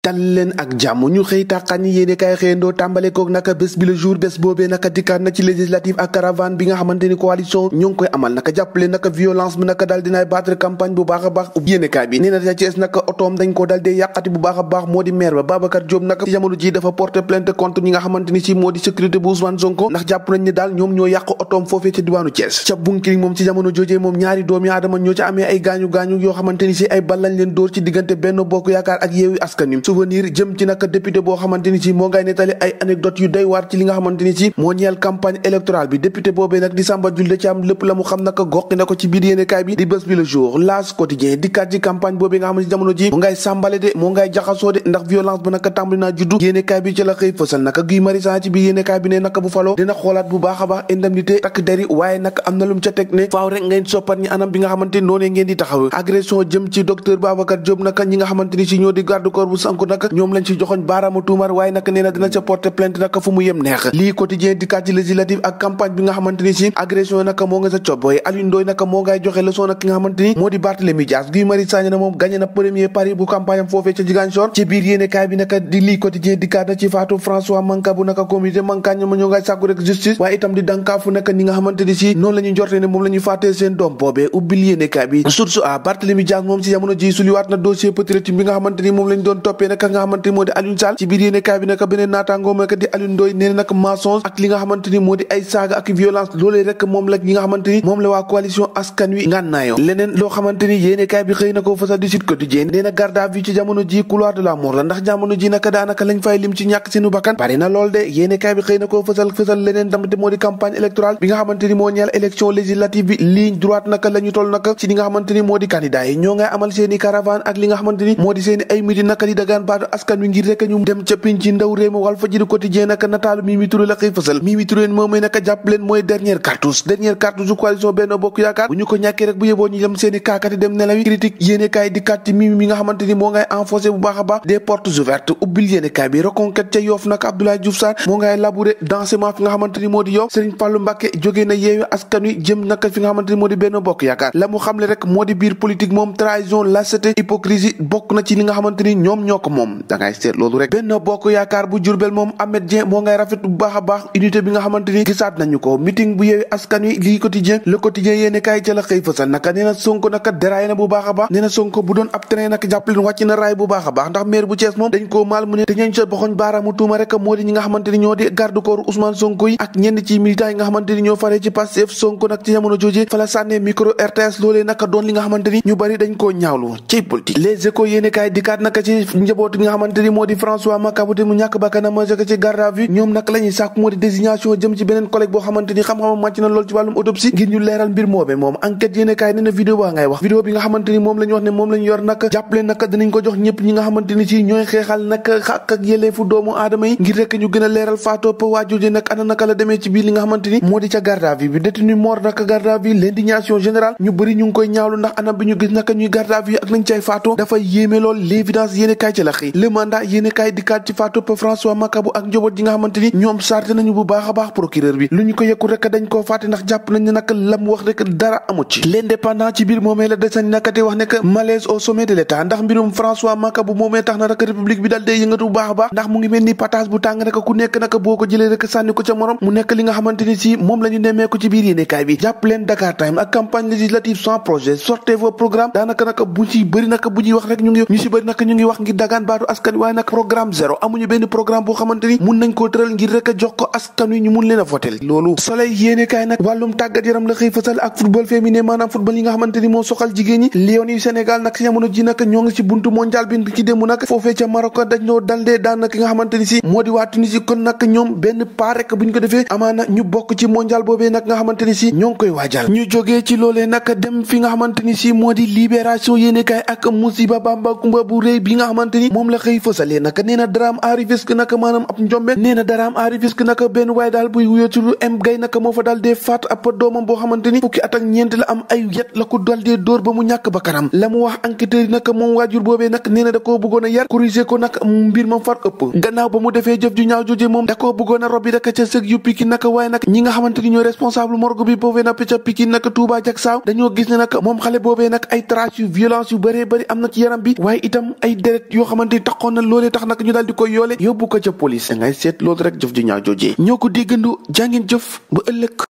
dal leen ak jàmm ñu xëy tàqan yi yéene kaay xëyandoo tàmbale naka bés bi bés boobee naka dikkaat na ci législative ak caravane bi nga xamante ni coalition ñoo ngi koy amal naka jàppale naka violence bi naka daal dinaay battre campagne bu baax a baax yéene kaay bi nee na ca Thiès naka otoom dañ ko dal dee yàqati bu baax a baax moo di maire ba Babacar Diop naka ci jamono ji dafa porter plainte contre ñi nga xamante ni ci moo di sécurité bu Ousmane Sonko ndax jàpp nañ ne daal ñoom moom ci jamono joojee moom ñaari doomi aadama ñoo ca amee ay gaañu gaañu yoo xamante ni ci ay bal lañ leen dóor ci diggante Benno Bokk Yaakaar ak souvenir jëm ci nag député boo xamante ci moo ngay nettali ay de moo ngay jaxasoo de ndax violence ba naka tàmbali naa juddu yéenekaay bi ci xëy fësal naka Guy Marius Sagna ci biir yéenekaay bi ne naka bu faloo dina xoolaat bu baax a baax takk deri waaye nag am na lu ne faaw rek ngeen soppat ñi anam bi nga xamante noonee ngeen di taxaw agression jëm ci docteur Babacar Diop naka ñi nga xamante ci ñoo di garde bu sank Sonko ñoom lañ ci joxoñ baaraamu tuumar waaye nag nee na dina ca porter plainte fu mu yem neex lii quotidien di kat na ci faatu François Mancabou nag comité Mancabou ma ñoo ngay sàkku justice waaye itam di dànkaafu nag ñi nga xamante si noonu la ñuy moom la ñuy seen doom boobee ubbil yéene kaay bi source a Barthélémy Dias moom si jamono ji suliwaat na dossier Petite Rutine bi nga xamante moom lañ doon toppee nag nga xamante ni garde à ci jamono ji couloir de la mort la ndax jamono ji naka daanaka lañ fay lim ci ñàkk seenu bakkan bari na lool de yéene bi xëy na ko fasal leneen tamit moo di campagne électorale bi nga xamante moo di candidat yi ñoo ngay amal seeni caravane ak li nga xamante moo di seeni ay midi naka di dagaan dagaan askan wi ngir rek ñu dem ca pinc ndaw réew ma Walfadjri la xëy fësal moo ngay enfoncé bu baax baax des portes ouvertes ubbil yéene kaay bi reconquête ca yoof naka Abdoulaye Diouf Sarr moo ngay labouré densément fi nga xamante moo di yoof Serigne Fallou Mbacké jógee na yeewi askan wi jëm naka fi nga xamante moo di Benno Bokk Yaakaar la xamle rek moo di biir politique moom trahison lâcheté hypocrisie bokk na ci li nga xamante ñoom ñoo ko moom da seet loolu rek benn bokk yaakaar bu jurbel moom Ahmed Dieng moo ngay rafet bu baax a baax unité bi nga xamante ni gisaat ko meeting ci militants yi nga xamante ni ñoo naka ci politique njaboot gi nga xamante moo di François Makabuté mu ñàkk bakkanam jóge ci garde à ñoom naka la demee ci biir li nga xamante moo di ca garde à vue bi détenu mort nag garde à vue l'indignation générale ñu bëri ñu ngi koy ñaawlu ndax anam bi ñu gis nag ñuy garde à ak nañ cay faatoo dafay yéeme lool l'évidence yéene kaay ci la laxi a si moom la ñu ko ci biir yéene bi jàpp leen Dakar Time ak campagne législative sans projet sortez vos programmes daanaka nag bu ci bëri nag bu ñuy wax rek ñu ngi ñu si bëri nag ñu ngi wax ngir dagaan dagaan baatu askan waaye nag programme zéro amuñu benn programme boo xamante ni mun nañ koo tëral ngir rek jox ko askan wi ñu mun leen a votel loolu soleil yéene kaay nag wàllum tàggat yaram la xëy fasal ak football féminin maanaam football yi nga xamante moo soxal jigéen ñi Sénégal nag si ñoo ngi si buntu mondial bi nga xamante si moo di waa Tunisie kon nag ñoom benn pas rek bu ko defee amaana ñu bokk ci moo di libération yéene nga xamante ni moom la xëy fësalee naka nee na daraam naka maanaam ab njombe nee na daraam naka benn waaye daal buy wuyoo ci lu m gay naka moo fa daal dee ab doomam boo xamante fukki at ñeent la am ay yet la ko daal dee dóor ba mu ñàkk ba kanam la mu wax enquêteurs naka moom waajur boobee nag nee na da koo bëggoon a yar corriger ko ba mu defee ca sëg yu piki naka waaye nag ñi nga xamante ñooy responsable morgue bi boobee nag ca piki naka Touba xamante ni taxoon na loolee tax nag ñu daal di koy yoole yóbbu ko ca police da ngay seet loolu rek jëf ju ñaaw ñoo ko déggandu jàngeen jëf ba ëllëg